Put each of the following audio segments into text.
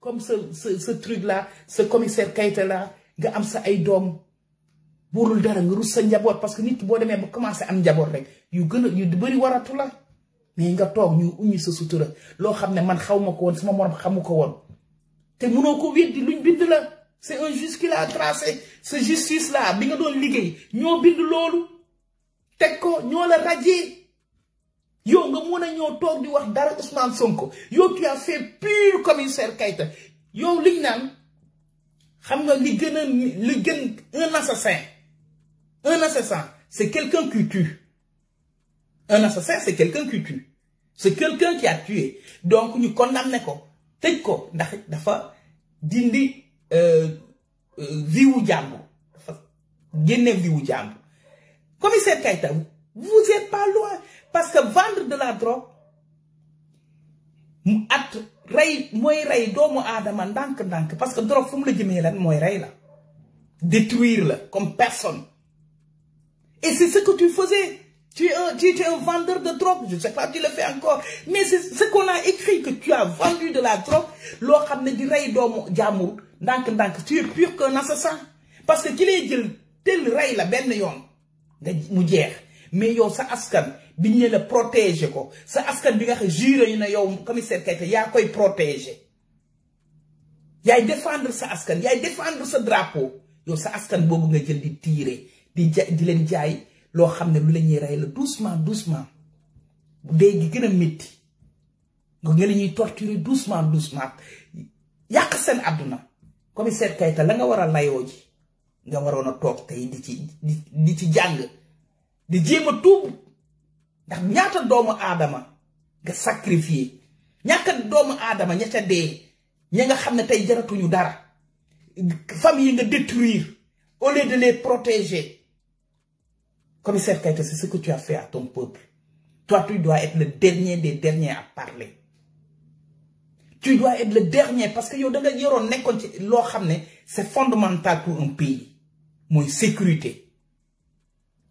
comme ce ce truc là ce commissaire Keïta là nga am sa ay doom buurul dara nga rus sa parce que nit boo demee ba commencé am njaboot rek yu gën yu bëri waratu ni nga toog ñu uñu sa sutura loo xam ne man xaw ma sama morom xamu ko woon te munoo ko weddi luñ bind la. c'est un juge qui l'a tracé ce justice là bi nga doon liggéey ñoo bind loolu teg ko ñoo la radié. Yo, nga a di wax dara Ousmane Sonko Yo, tu as fait pur commissaire Kaita. Yo, li naan xam nga li un assassin un assassin c'est quelqu'un qui tue un assassin c'est quelqu'un qui tue c'est quelqu'un qui a tué donc nous condamnons ko ko ndax dafa dindi euh, euh, vie wu jàmbur dafa vie commissaire Kaita, vous êtes pas loin parce que vendre de la drogue mu at rey rey parce que drogue la drogue, lan une rey détruire le comme personne et c'est ce que tu faisais tu es un, tu es un vendeur de drogue je ne sais pas si tu le fais encore mais c'est ce qu'on a écrit que tu as vendu de la drogue tu es pur qu'un assassin parce que tu es dit, tel rey la ben yon. nga mais yow sa askan biñ ne la protéger ko sa askan bi nga xé juré ñu né yow commissaire Keita ya koy protéger yay défendre sa askan yay défendre sa drapeau yow sa askan bobu nga jël di tirer di di len jaay lo xamné lu la ñuy rey la doucement doucement dee gi gën a nga nga la ñuy torturer doucement doucement yàq sen aduna commissaire kayta la nga war layo ji nga waroon tok tay di ci di ci jang de jéem tout ndax ñaata doomu adama nga sacrifié ñaata doomu adama ña de dee nga xam tay tey jaratuñu dara famille nga détruire au lieu de les protéger commissaire Keïta c'est ce que tu as fait à ton peuple toi tu dois être le dernier des derniers à parler tu dois être le dernier parce que yow da nga nekkon ci lo c'est fondamental pour un pays moy sécurité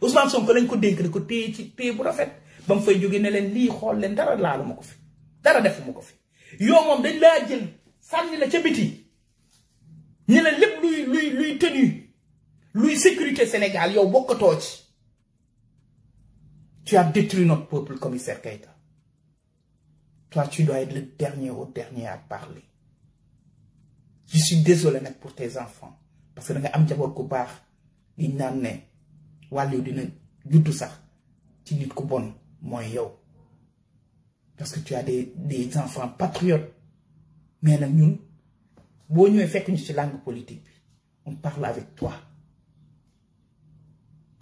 Ousmane Sonko lañ ko dénk di ko téye ci téye bu rafet bam fay jógee né len li xol len dara la ma ko fi dara defu ma ko fi yo mom dañ la jël sanni la ci biti ñi ne lepp luy luy luy tenu luy sécurité Sénégal yow bokkatoo ci tu as détruit notre peuple commissaire Keïta toi tu dois être le dernier au dernier à parler je suis désolé nak pour tes enfants parce que da nga am jaboot ku baax liñ naan wàllu dina juddu sax ci nit ko bon parce que tu as des enfants patriotes mais nous, ñun boo ñëwee langue politique on parle avec toi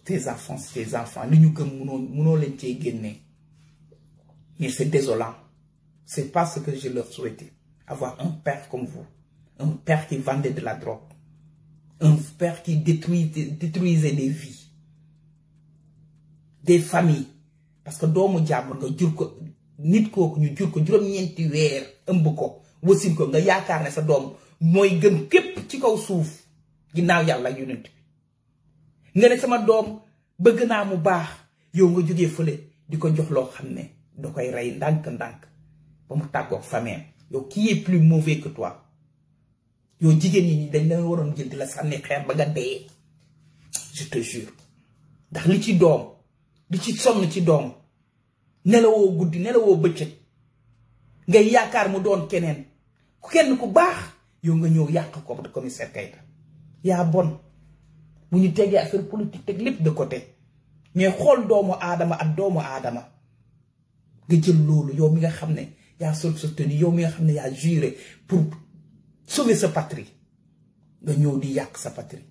tes enfants tes enfants nous ñu gëm nous mais c'est désolant c'est pas ce que je leur souhaitais avoir un père comme vous un père qui vendait de la drogue un père qui détruit détruisait des vies des familles parce que doomu jàmbur nga jur ko nit ko ñu jur ko jurom ñenti weer ëmb ko wasin ko nga yaakaar ne sa doom moy gën képp ci kaw suuf ginnaaw yàlla yonent bi nga ne sama doom bëgg naa mu baax yow nga joggé feulé diko jox lo xamné da koy rey ba mu taggo famé yow qui est plus mauvais que toi yow jigen ni dañ la waron jël di la sànni xeer ba nga je te jure ndax li ci doom. di ci sonn ci doom nelawoo guddi nelawoo bëccëg ngay yaakaar mu doon keneen ku kenn ku baax yow nga ñëw yàq ko commissaire Keita yaa bon bu ñu tegee politique teg lépp de côté mais xool doomu aadama ak doomu aadama nga jël loolu yow nga xam ne yaa sol sa tenue yow mi nga xam ne yaa juré pour sauver sa patrie nga ñëw di yàq sa patrie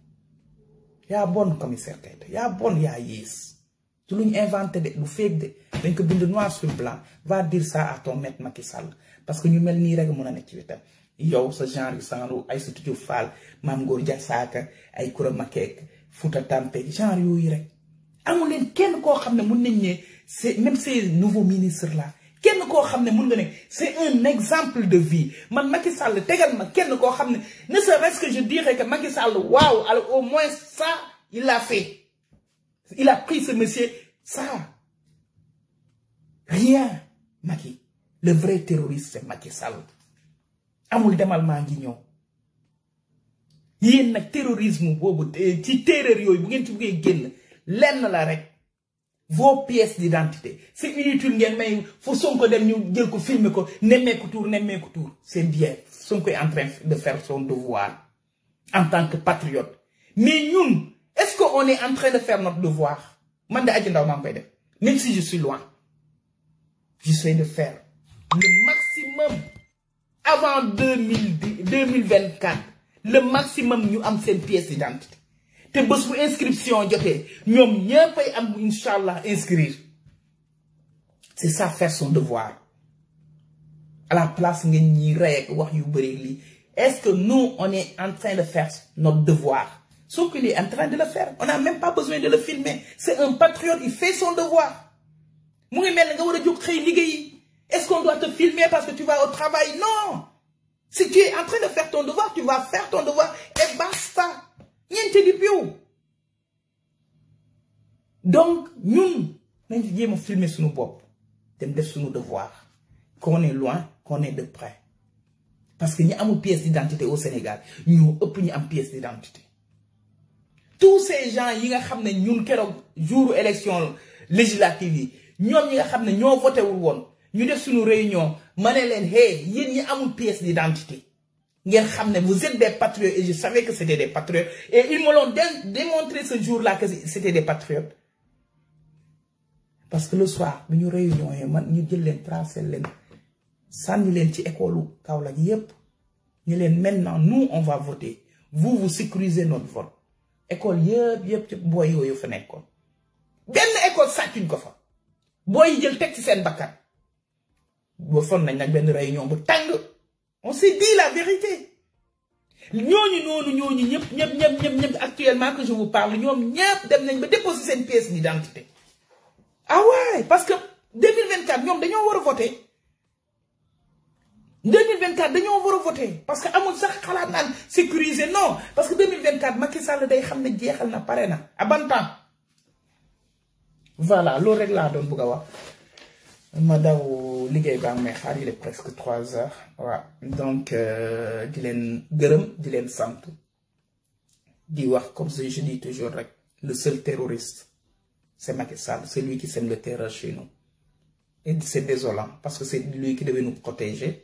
yaa bon commissaire Keita yaa bon yaa yées du lu ñu inventé de lu fait, de dañ ko de noir sur blanc va dire ça à ton maître Macky Sall parce que ñu mel nii rek mën a nekk ci wetam yow sa genre genre ay Aïssatou Diop Fall Mame Ngor Diazaka ay kura Macky Fouta Tampe genre yooyu rek amul leen kenn ko xam ne mun nañ c'est même ces nouveaux ministres là kenn ko xam ne nga ne c'est un exemple de vie man Macky Sall tegal ma kenn ko xam ne serait-ce que je dirais que Macky Sall waaw au moins ça il l'a fait il a pris ce monsieur, ça. Rien, Macky. Le vrai terroriste, c'est Macky Sall. Amoul demal maa ngi ñëw yéen nag terrorisme boobu ci terreur yooyu bu ngeen ci buggee la rek vos pièces d'identité c'est inutile ngeen may faut Sonko dem ñu jël ko filmer ko nemmeeku tour nemmeeku tour c'est bien Sonko est en train de faire son devoir en tant que patriote mais nous est-ce qu'on est en train de faire notre devoir Même si je suis loin, j'essaie de faire le maximum avant 2024. Le maximum, nous avons une pièce d'identité. te inscription jotee ñoom am inscrire c'est ça faire son devoir à la place ngeen ñi est-ce que nous on est en train de faire notre devoir Sauf qu'il est en train de le faire. On n'a même pas besoin de le filmer. C'est un patriote, il fait son devoir. Est-ce qu'on doit te filmer parce que tu vas au travail Non Si tu es en train de faire ton devoir, tu vas faire ton devoir et basta. Donc, nous, nous devons filmer sur nos propres. Nous sur nos devoirs. Qu'on est loin, qu'on est de près. Parce que y a une pièce d'identité au Sénégal. Nous avons une pièce d'identité les gens yi nga xam ne ñun keroog jour élection législative yi ñoom ñi nga xam ne voté wul woon ñu def suñu réunion ma ne leen hey yéen amul pièce d'identité ngeen xam vous êtes des patriotes et je savais que c'était des patriotes et ils me l'ont démontré ce jour-là que c'était des patriotes parce que le soir nous ñu réunion yi man ñu jël leen tracé leen sànni leen ci école Kaolack yépp ñu maintenant nous on va voter vous vous sécurisez notre vote école yeb yeb ci fa école ko fa jël réunion on s'est dit la vérité actuellement que je vous parle ñom dem nañ pièce d'identité ah ouais parce que 2024 ñom avons voter 2024 nous war voter parce que amul sax sécuriser non parce que 2024 Macky Sall day xamné ne na pare na à ban voilà l'oreille rek la doon bëgg wax ma il est presque 3 heures Voilà, donc euh, di len gërëm di comme je dis toujours le seul terroriste c'est Macky Sall lui qui sème le terreur chez nous et c'est désolant parce que c'est lui qui devait nous protéger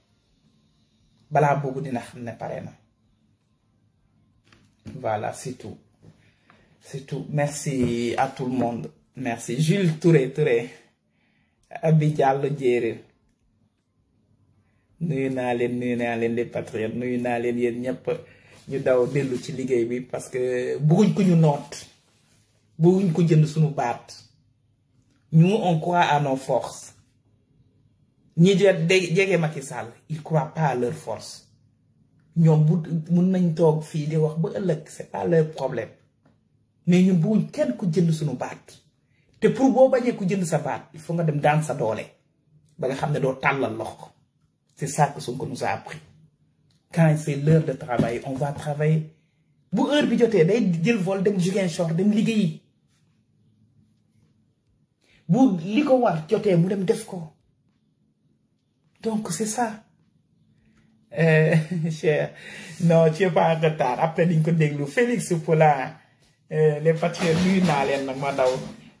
voilà c'est tout c'est tout merci à tout le monde merci Jules Touré Touré nous le Nous nous len les patriotes Nous na nous yeen ñu daw ci parce que nous ko ñu Nous nous ko jënd suñu Nous on croit à nos forces ñi jege Macky Sall ils croient pas à leur force ñom bu mun nañ toog fii di wax ba ëlëk c'est pas leur problème mais ñun buñ kenn ku jënd suñu baat té pour bo bañé ku jënd sa baat il faut nga dem dans sa dolé ba nga xamné do talal lox loxo c'est ça que Sonko nous a appris quand c'est l'heure de travailler on va travailler bu heure bi jotee day jël vol dem Ziguinchor dem liggéey bu liko ko war jotee mu dem def ko. Donc, c'est ça. Euh, non, tu n'es pas en retard. Après, nous avons Félix euh, les patriotes,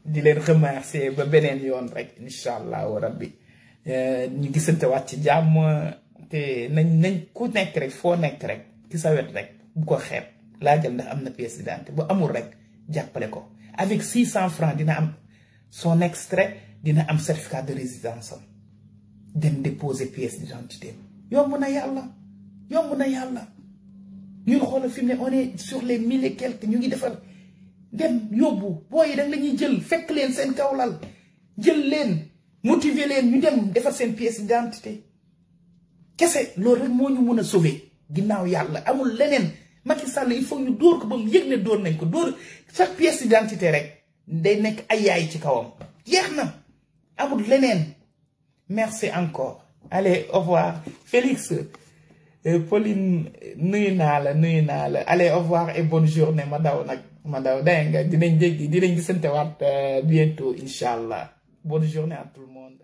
di remercier ba Nous avons rabbi euh, ñu gisante ci nañ nañ ku que rek Que rek rek bu ko ndax pièce d'identité avec 600 francs dina am son extrait dina certificat de résidence dem déposer pièce d'identité yomb yalla yàlla yalla ñu xol fi mu ne on est sur les mille et quelques ñu ngi defar dem yóbbu boy da la ñuy jël fekk leen seen kawlal jël leen motiver leen ñu dem défar seen pièce d'identité kese loolu rek moo ñu mun sauver ginnaw yalla amul leneen Macky Sall il faut ñu dóor ko bam mu yëg ne nañ ko dóor chaque pièce d'identité rek day nek ay yaay ci kawam jeexna amul leneen. Merci encore. Allez, au revoir. Félix, euh, Pauline, nous y allez au revoir et bonne journée Madame daw je ma daw euh, bientôt inshallah. bonne journée à tout le monde.